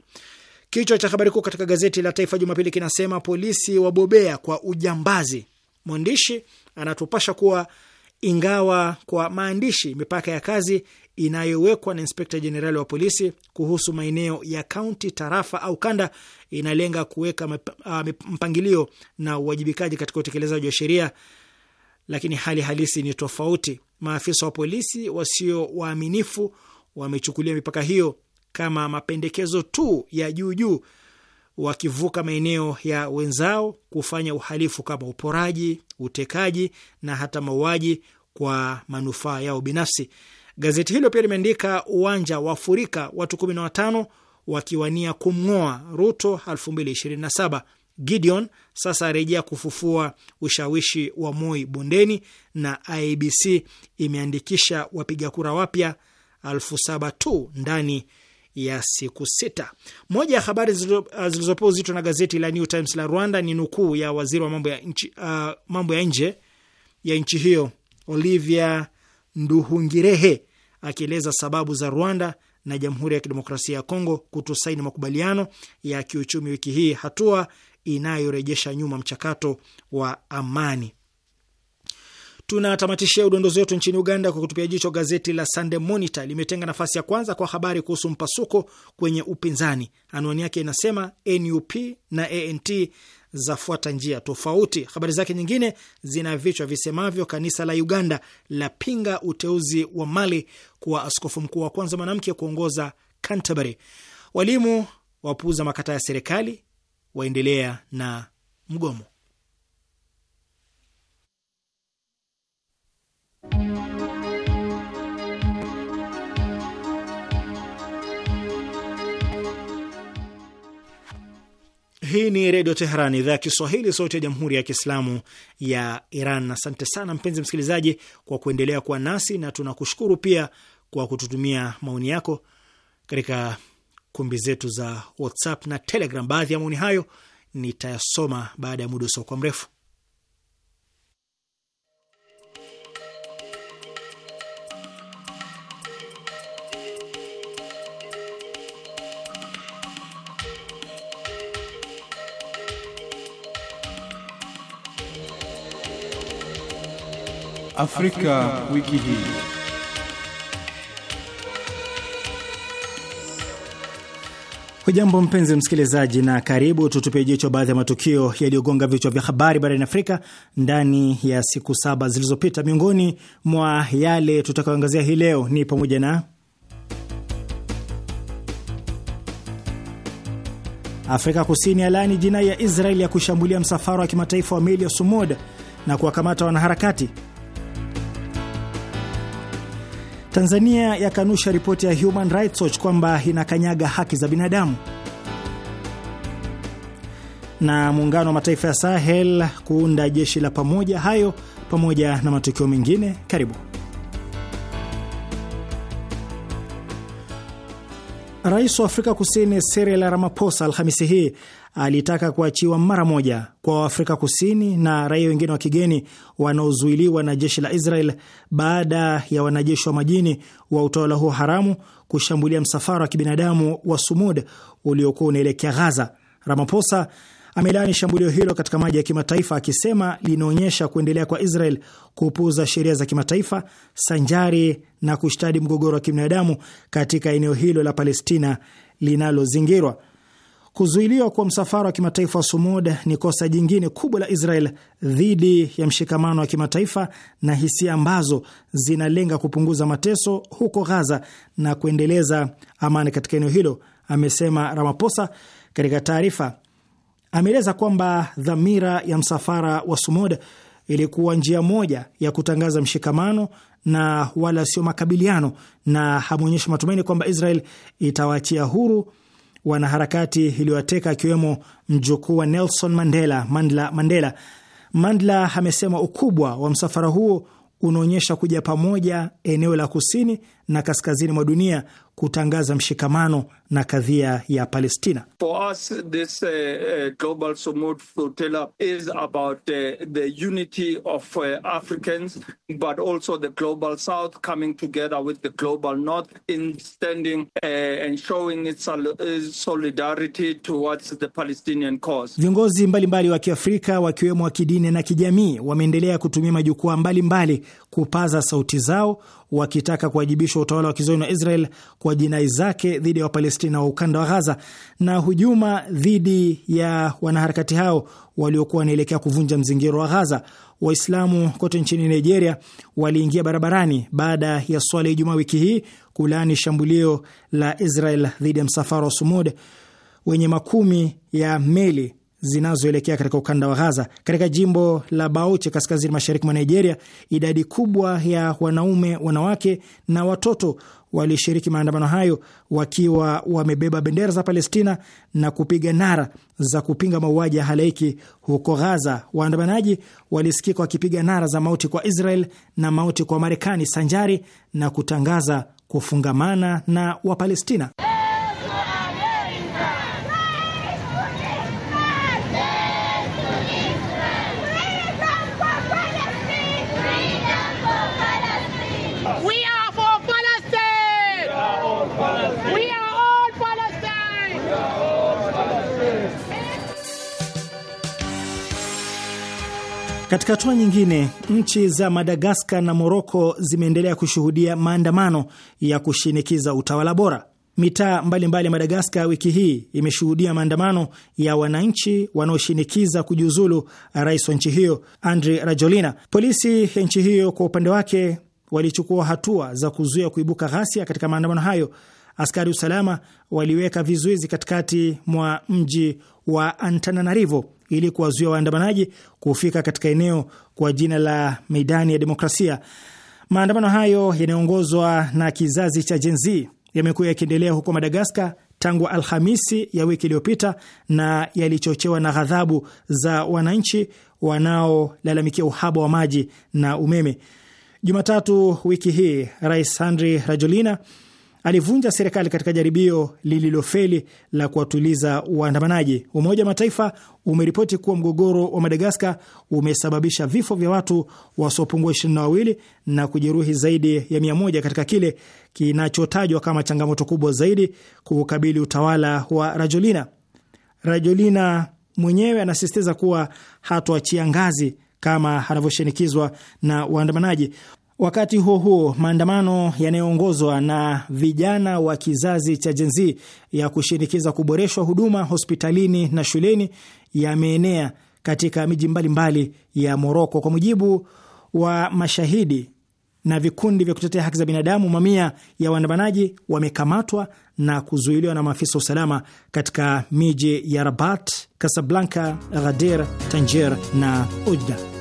Kichwa cha habari kuu katika gazeti la Taifa Jumapili kinasema polisi wabobea kwa ujambazi. Mwandishi anatupasha kuwa ingawa kwa maandishi mipaka ya kazi inayowekwa na inspekta jenerali wa polisi kuhusu maeneo ya kaunti, tarafa au kanda inalenga kuweka ah, mpangilio na uwajibikaji katika utekelezaji wa sheria, lakini hali halisi ni tofauti. Maafisa wa polisi wasio waaminifu wamechukulia mipaka hiyo kama mapendekezo tu ya juu juu, wakivuka maeneo ya wenzao kufanya uhalifu kama uporaji, utekaji na hata mauaji kwa manufaa yao binafsi. Gazeti hilo pia limeandika uwanja wafurika watu watano wakiwania kumng'oa Ruto 2027. Gideon sasa arejea kufufua ushawishi wa Moi bondeni, na ibc imeandikisha wapiga kura wapya elfu saba tu ndani ya siku sita. Moja ya habari zilizopewa uzito na gazeti la New Times la Rwanda ni nukuu ya waziri wa mambo ya nchi, uh, mambo ya nje ya nchi hiyo Olivia Nduhungirehe akieleza sababu za Rwanda na Jamhuri ya Kidemokrasia ya Kongo kutosaini makubaliano ya kiuchumi wiki hii, hatua inayorejesha nyuma mchakato wa amani. Tunatamatishia udondozi wetu nchini Uganda kwa kutupia jicho gazeti la Sunday Monitor. Limetenga nafasi ya kwanza kwa habari kuhusu mpasuko kwenye upinzani. Anwani yake inasema NUP na ANT zafuata njia tofauti. Habari zake nyingine zina vichwa visemavyo: kanisa la Uganda lapinga uteuzi wa Mali kuwa askofu mkuu wa kwanza mwanamke kuongoza Canterbury, walimu wapuuza makata ya serikali, waendelea na mgomo. Hii ni Redio Teheran, idhaa ya Kiswahili, sauti ya Jamhuri ya Kiislamu ya Iran. Asante sana mpenzi msikilizaji kwa kuendelea kuwa nasi, na tunakushukuru pia kwa kututumia maoni yako katika kumbi zetu za WhatsApp na Telegram. Baadhi ya maoni hayo nitayasoma baada ya muda usiokuwa mrefu. Afrika, Afrika wiki hii. Hujambo mpenzi msikilizaji, na karibu tutupie jicho baadhi ya matukio yaliyogonga vichwa vya habari barani Afrika ndani ya siku saba zilizopita. Miongoni mwa yale tutakayoangazia hii leo ni pamoja na Afrika Kusini alaani jinai ya Israeli ya kushambulia msafara wa kimataifa wa meli ya Sumud na kuwakamata wanaharakati Tanzania yakanusha ripoti ya Human Rights Watch kwamba inakanyaga haki za binadamu, na muungano wa mataifa ya Sahel kuunda jeshi la pamoja. Hayo pamoja na matukio mengine, karibu. Rais wa Afrika Kusini Cyril Ramaphosa Alhamisi hii alitaka kuachiwa mara moja kwa Waafrika Kusini na raia wengine wa kigeni wanaozuiliwa na jeshi la Israel baada ya wanajeshi wa majini wa utawala huo haramu kushambulia msafara wa kibinadamu wa Sumud uliokuwa unaelekea Ghaza. Ramaphosa amelaani shambulio hilo katika maji ya kimataifa akisema linaonyesha kuendelea kwa Israel kupuuza sheria za kimataifa sanjari na kushtadi mgogoro wa kibinadamu katika eneo hilo la Palestina linalozingirwa. Kuzuiliwa kwa msafara wa kimataifa wa sumod ni kosa jingine kubwa la Israel dhidi ya mshikamano wa kimataifa na hisia ambazo zinalenga kupunguza mateso huko Ghaza na kuendeleza amani katika eneo hilo, amesema Ramaphosa katika taarifa. Ameeleza kwamba dhamira ya msafara wa sumod ilikuwa njia moja ya kutangaza mshikamano na wala sio makabiliano, na ameonyesha matumaini kwamba Israel itawaachia huru wanaharakati iliyowateka akiwemo mjukuu wa Nelson Mandela, Mandla Mandela. Mandla amesema ukubwa wa msafara huo unaonyesha kuja pamoja eneo la kusini na kaskazini mwa dunia kutangaza mshikamano na kadhia ya Palestina. For us, this, uh, uh global summit flotilla is about, uh, the unity of, uh, Africans, but also the global south coming together with the global north in standing, uh, and showing its uh, solidarity towards the Palestinian cause. Viongozi mbalimbali wa Kiafrika wakiwemo wa kidini na kijamii wameendelea kutumia majukwaa mbalimbali kupaza sauti zao wakitaka kuwajibishwa utawala wa kizoni wa Israel kwa jinai zake dhidi ya Wapalestina wa ukanda wa Ghaza na hujuma dhidi ya wanaharakati hao waliokuwa wanaelekea kuvunja mzingiro wa Ghaza. Waislamu kote nchini Nigeria waliingia barabarani baada ya swala ya Ijumaa wiki hii kulaani shambulio la Israel dhidi ya msafara wa Sumud wenye makumi ya meli zinazoelekea katika ukanda wa Ghaza. Katika jimbo la Bauchi, kaskazini mashariki mwa Nigeria, idadi kubwa ya wanaume, wanawake na watoto walishiriki maandamano hayo wakiwa wamebeba bendera za Palestina na kupiga nara za kupinga mauaji ya halaiki huko Ghaza. Waandamanaji walisikika wakipiga nara za mauti kwa Israel na mauti kwa Marekani, sanjari na kutangaza kufungamana na Wapalestina. Katika hatua nyingine, nchi za Madagaskar na Moroko zimeendelea kushuhudia maandamano ya kushinikiza utawala bora. Mitaa mbalimbali ya Madagaskar wiki hii imeshuhudia maandamano ya wananchi wanaoshinikiza kujiuzulu rais wa nchi hiyo Andry Rajoelina. Polisi ya nchi hiyo kwa upande wake walichukua hatua za kuzuia kuibuka ghasia katika maandamano hayo. Askari usalama waliweka vizuizi katikati mwa mji wa Antananarivo ili kuwazuia waandamanaji kufika katika eneo kwa jina la Meidani ya Demokrasia. Maandamano hayo yanayoongozwa na kizazi cha Gen Z yamekuwa yakiendelea huko Madagaskar tangu Alhamisi ya wiki iliyopita na yalichochewa na ghadhabu za wananchi wanaolalamikia uhaba wa maji na umeme. Jumatatu wiki hii, Rais Andry Rajoelina alivunja serikali katika jaribio lililofeli la kuwatuliza waandamanaji. Umoja wa Mataifa umeripoti kuwa mgogoro wa Madagaskar umesababisha vifo vya watu wasiopungua ishirini na wawili na kujeruhi zaidi ya mia moja katika kile kinachotajwa kama changamoto kubwa zaidi kukabili utawala wa Rajolina. Rajolina mwenyewe anasisitiza kuwa hatoachia ngazi kama anavyoshinikizwa na waandamanaji. Wakati huo huo, maandamano yanayoongozwa na vijana wa kizazi cha Gen Z ya kushinikiza kuboreshwa huduma hospitalini na shuleni yameenea katika miji mbalimbali ya Moroko. Kwa mujibu wa mashahidi na vikundi vya kutetea haki za binadamu, mamia ya waandamanaji wamekamatwa na kuzuiliwa na maafisa wa usalama katika miji ya Rabat, Casablanca, Ghadir, Tanjer na Ujda.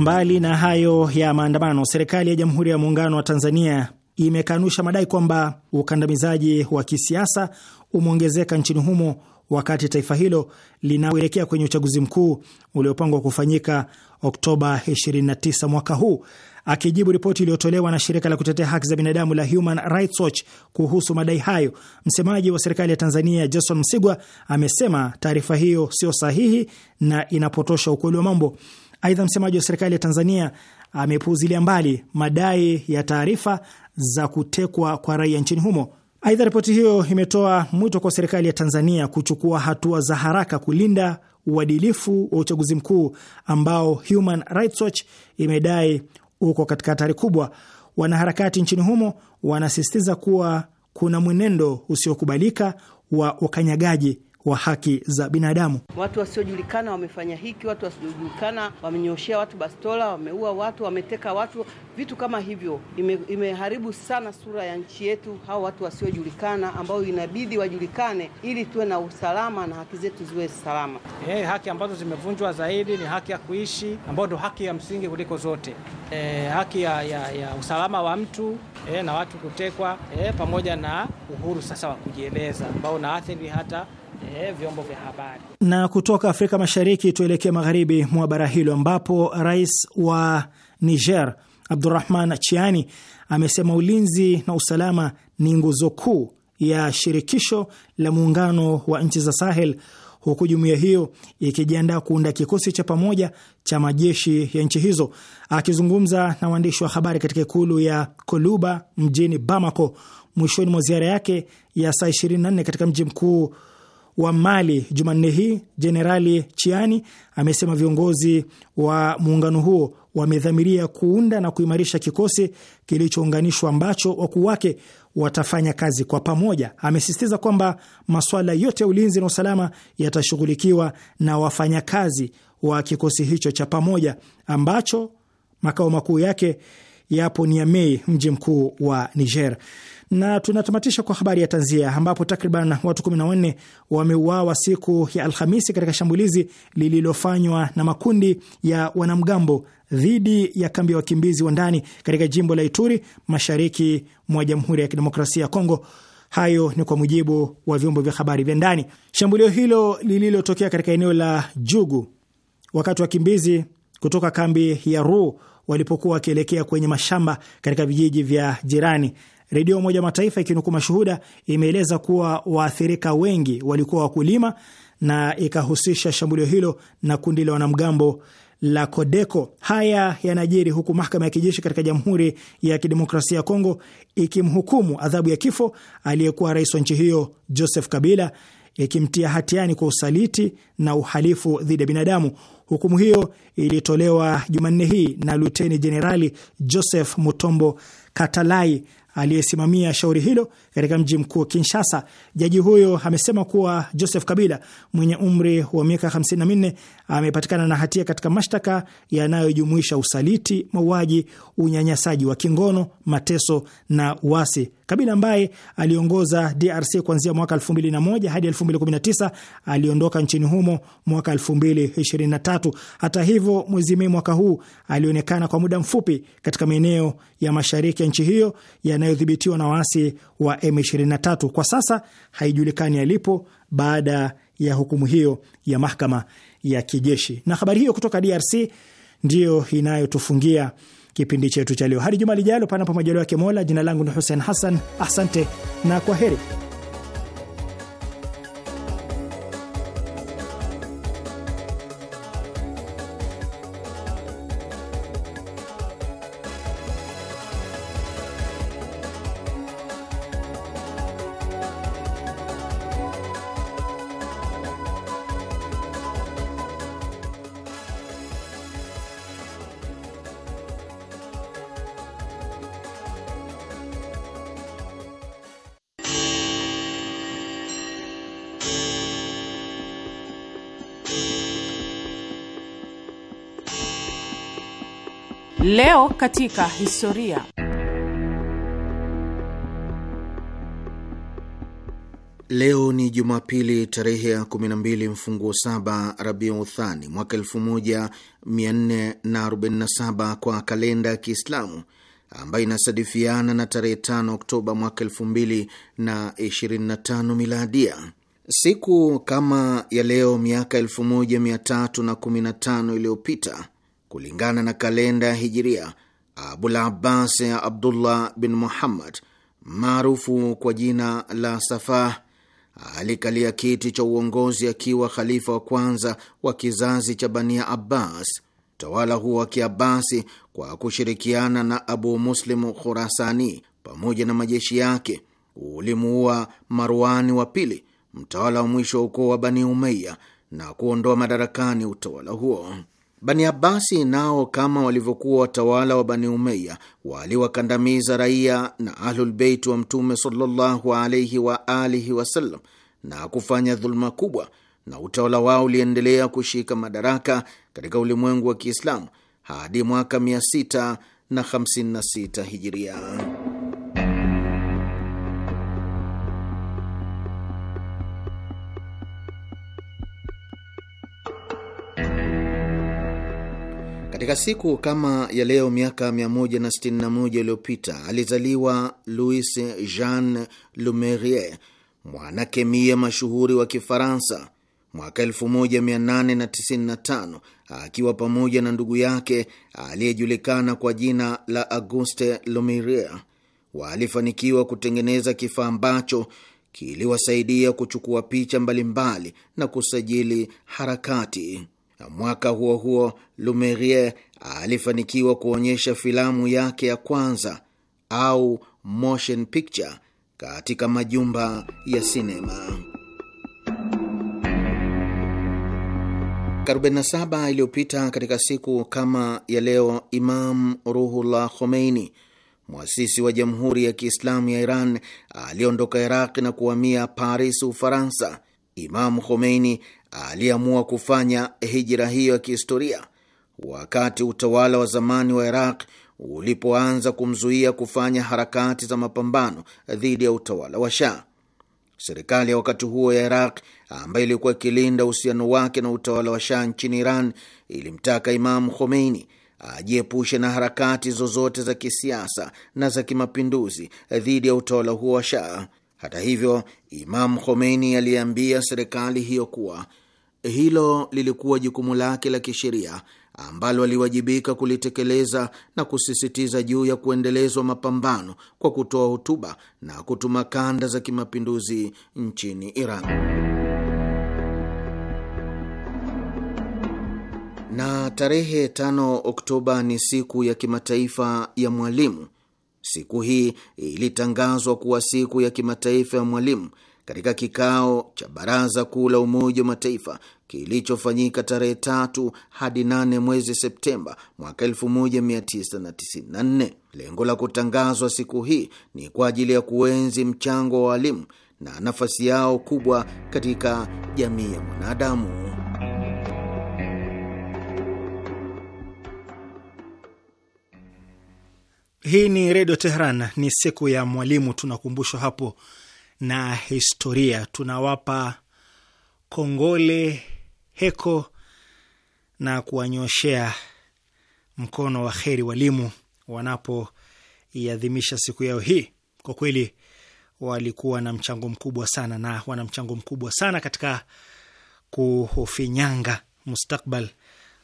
Mbali na hayo ya maandamano, serikali ya Jamhuri ya Muungano wa Tanzania imekanusha madai kwamba ukandamizaji wa kisiasa umeongezeka nchini humo wakati taifa hilo linaelekea kwenye uchaguzi mkuu uliopangwa kufanyika Oktoba 29 mwaka huu. Akijibu ripoti iliyotolewa na shirika la kutetea haki za binadamu la Human Rights Watch kuhusu madai hayo, msemaji wa serikali ya Tanzania Jason Msigwa amesema taarifa hiyo sio sahihi na inapotosha ukweli wa mambo. Aidha, msemaji wa serikali ya Tanzania amepuuzilia mbali madai ya taarifa za kutekwa kwa raia nchini humo. Aidha, ripoti hiyo imetoa mwito kwa serikali ya Tanzania kuchukua hatua za haraka kulinda uadilifu wa uchaguzi mkuu ambao Human Rights Watch imedai uko katika hatari kubwa. Wanaharakati nchini humo wanasisitiza kuwa kuna mwenendo usiokubalika wa ukanyagaji wa haki za binadamu. Watu wasiojulikana wamefanya hiki, watu wasiojulikana wamenyoshea watu bastola, wameua watu, wameteka watu, vitu kama hivyo. Ime, imeharibu sana sura ya nchi yetu, hao watu wasiojulikana ambao inabidi wajulikane ili tuwe na usalama na haki zetu ziwe salama. Hey, haki ambazo zimevunjwa zaidi ni haki ya kuishi ambayo ndo haki ya msingi kuliko zote. E, haki ya, ya, ya usalama wa mtu e, na watu kutekwa e, pamoja na uhuru sasa wa kujieleza ambao unaathiri hata eh, vyombo vya habari. Na kutoka Afrika Mashariki tuelekee magharibi mwa bara hilo ambapo rais wa Niger abdurahman Chiani amesema ulinzi na usalama ni nguzo kuu ya shirikisho la muungano wa nchi za Sahel huku jumuiya hiyo ikijiandaa kuunda kikosi cha pamoja cha majeshi ya nchi hizo. Akizungumza na waandishi wa habari katika ikulu ya Koluba mjini Bamako mwishoni mwa ziara yake ya saa 24 katika mji mkuu wa Mali Jumanne hii, Jenerali Chiani amesema viongozi wa muungano huo wamedhamiria kuunda na kuimarisha kikosi kilichounganishwa ambacho wakuu wake watafanya kazi kwa pamoja. Amesisitiza kwamba masuala yote ya ulinzi na usalama yatashughulikiwa na wafanyakazi wa kikosi hicho cha pamoja ambacho makao makuu yake yapo Niamey, mji mkuu wa Niger. Na tunatamatisha kwa habari ya tanzia, ambapo takriban watu 14 wameuawa siku ya Alhamisi katika shambulizi lililofanywa na makundi ya wanamgambo dhidi ya kambi ya wakimbizi wa ndani katika jimbo la Ituri, mashariki mwa Jamhuri ya Kidemokrasia ya Kongo. Hayo ni kwa mujibu wa vyombo vya habari vya ndani. Shambulio hilo lililotokea katika eneo la Jugu wakati wakimbizi kutoka kambi ya Ru walipokuwa wakielekea kwenye mashamba katika vijiji vya jirani Redio ya Umoja wa Mataifa ikinukuu mashuhuda imeeleza kuwa waathirika wengi walikuwa wakulima na ikahusisha shambulio hilo na kundi la wanamgambo la Kodeko. Haya yanajiri huku mahakama ya kijeshi katika Jamhuri ya Kidemokrasia ya Kongo ikimhukumu adhabu ya kifo aliyekuwa rais wa nchi hiyo Joseph Kabila, ikimtia hatiani kwa usaliti na uhalifu dhidi ya binadamu. Hukumu hiyo ilitolewa Jumanne hii na Luteni Jenerali Joseph Mutombo Katalai aliyesimamia shauri hilo katika mji mkuu Kinshasa. Jaji huyo amesema kuwa Joseph Kabila mwenye umri wa miaka 54 amepatikana na hatia katika mashtaka yanayojumuisha usaliti, mauaji, unyanyasaji wa kingono, mateso na uasi. Kabila ambaye aliongoza DRC kuanzia mwaka 2001 hadi 2019 aliondoka nchini humo mwaka 2023. Hata hivyo, mwezi Mei mwaka huu alionekana kwa muda mfupi katika maeneo ya mashariki ya nchi hiyo yana inayodhibitiwa na waasi wa M23. Kwa sasa haijulikani alipo baada ya hukumu hiyo ya mahakama ya kijeshi. Na habari hiyo kutoka DRC ndiyo inayotufungia kipindi chetu cha leo. Hadi juma lijalo, panapo majaliwa yake Mola. Jina langu ni Hussein Hassan, asante na kwa heri. Leo katika historia. Leo ni Jumapili tarehe ya 12 mfunguo saba Rabiu Uthani mwaka 1447 kwa kalenda ya Kiislamu ambayo inasadifiana na tarehe 5 Oktoba mwaka 225 miladia. Siku kama ya leo miaka 1315 iliyopita Kulingana na kalenda ya Hijiria, Abul Abbas Abdullah bin Muhammad maarufu kwa jina la Safah alikalia kiti cha uongozi akiwa khalifa wa kwanza wa kizazi cha Bani Abbas. Utawala huo wa Kiabasi, kwa kushirikiana na Abu Muslimu Khurasani pamoja na majeshi yake, ulimuua Marwani wa pili, mtawala wa mwisho wa ukoo wa Bani Umeya, na kuondoa madarakani utawala huo. Bani Abasi nao kama walivyokuwa watawala wa Bani Umeya waliwakandamiza raia na Ahlulbeiti wa Mtume sallallahu alaihi wa alihi wasallam na kufanya dhuluma kubwa, na utawala wao uliendelea kushika madaraka katika ulimwengu wa Kiislamu hadi mwaka 656 Hijiria. Katika siku kama ya leo miaka 161 iliyopita alizaliwa Louis Jean Lemerrier, mwanakemia mashuhuri wa Kifaransa. Mwaka 1895 akiwa pamoja na ndugu yake aliyejulikana kwa jina la Auguste Lemerrier walifanikiwa kutengeneza kifaa ambacho kiliwasaidia kuchukua picha mbalimbali na kusajili harakati na mwaka huo huo Lumerie alifanikiwa kuonyesha filamu yake ya kwanza au motion picture katika majumba ya sinema. 47 iliyopita katika siku kama ya leo, Imam Ruhullah Khomeini, mwasisi wa Jamhuri ya Kiislamu ya Iran, aliondoka Iraq na kuhamia Paris, Ufaransa. Imam Khomeini aliamua kufanya hijira hiyo ya kihistoria wakati utawala wa zamani wa Iraq ulipoanza kumzuia kufanya harakati za mapambano dhidi ya utawala wa Shah. Serikali ya wakati huo ya Iraq ambayo ilikuwa ikilinda uhusiano wake na utawala wa Shah nchini Iran ilimtaka imam Khomeini ajiepushe na harakati zozote za kisiasa na za kimapinduzi dhidi ya utawala huo wa Shah. Hata hivyo, imam Khomeini aliambia serikali hiyo kuwa hilo lilikuwa jukumu lake la kisheria ambalo aliwajibika kulitekeleza na kusisitiza juu ya kuendelezwa mapambano kwa kutoa hotuba na kutuma kanda za kimapinduzi nchini Iran. na tarehe 5 Oktoba ni siku ya kimataifa ya mwalimu. Siku hii ilitangazwa kuwa siku ya kimataifa ya mwalimu katika kikao cha Baraza Kuu la Umoja wa Mataifa kilichofanyika tarehe tatu hadi nane mwezi Septemba mwaka 1994. Lengo la kutangazwa siku hii ni kwa ajili ya kuenzi mchango wa walimu na nafasi yao kubwa katika jamii ya mwanadamu. Hii ni Redio teheran Ni siku ya mwalimu, tunakumbushwa hapo na historia. Tunawapa kongole heko na kuwanyoshea mkono wa kheri walimu wanapoiadhimisha siku yao hii. Kwa kweli walikuwa na mchango mkubwa sana na wana mchango mkubwa sana katika kuhofinyanga mustakbal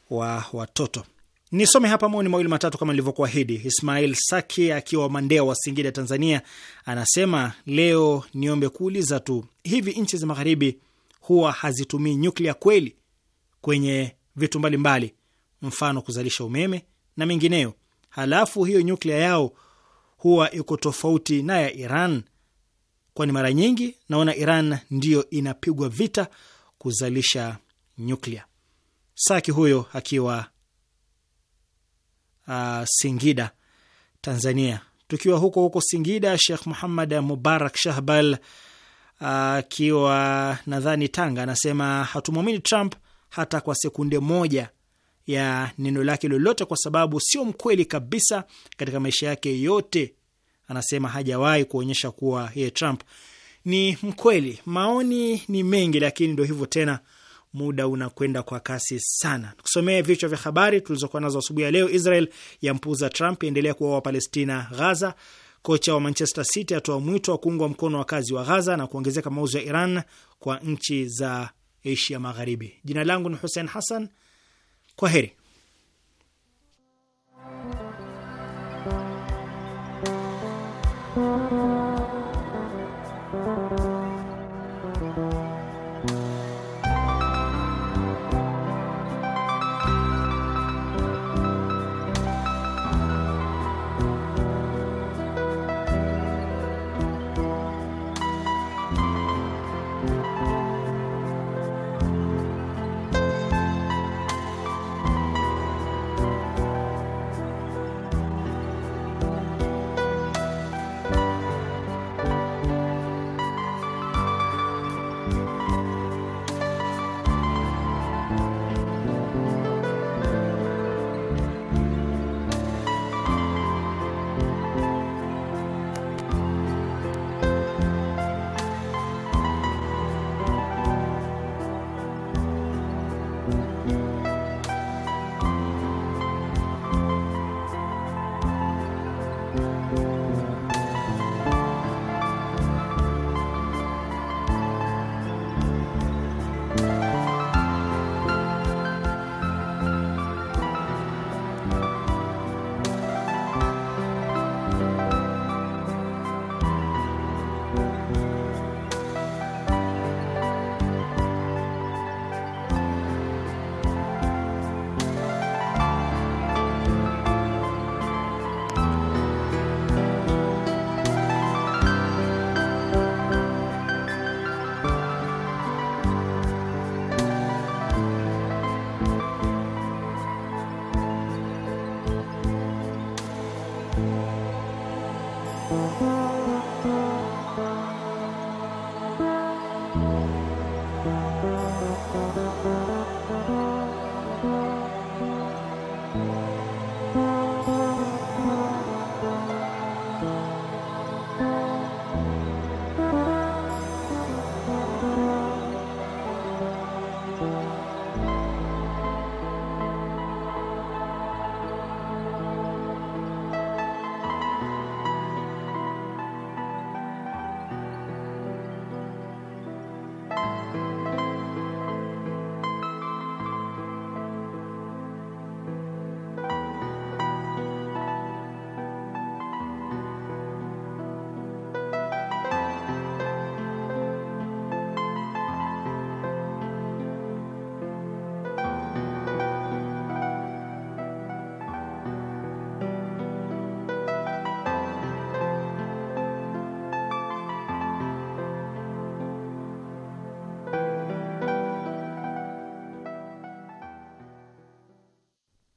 wa watoto. Nisome hapa maoni mawili matatu kama nilivyokuahidi. Ismail Saki akiwa Mandea wa Singida, Tanzania, anasema leo niombe kuuliza tu, hivi nchi za magharibi huwa hazitumii nyuklia kweli kwenye vitu mbalimbali mbali, mfano kuzalisha umeme na mengineyo? Halafu hiyo nyuklia yao huwa iko tofauti na ya Iran, kwani mara nyingi naona Iran ndiyo inapigwa vita kuzalisha nyuklia. Saki huyo akiwa uh, Singida, Tanzania. Tukiwa huko huko Singida, Shekh Muhammad Mubarak Shahbal uh, akiwa uh, nadhani Tanga anasema hatumwamini Trump hata kwa sekunde moja ya neno lake lolote, kwa sababu sio mkweli kabisa. Katika maisha yake yote anasema hajawahi kuonyesha kuwa yeye Trump ni mkweli. Maoni ni mengi, lakini ndo hivyo tena muda unakwenda kwa kasi sana. kusomea vichwa vya habari tulizokuwa nazo asubuhi ya leo: Israel yampuza Trump, yaendelea kuwa Wapalestina Ghaza. Kocha wa Manchester City atoa mwito wa kuungwa mkono wakazi wa Ghaza, na kuongezeka mauzo ya Iran kwa nchi za Asia Magharibi. Jina langu ni Hussein Hassan, kwa heri.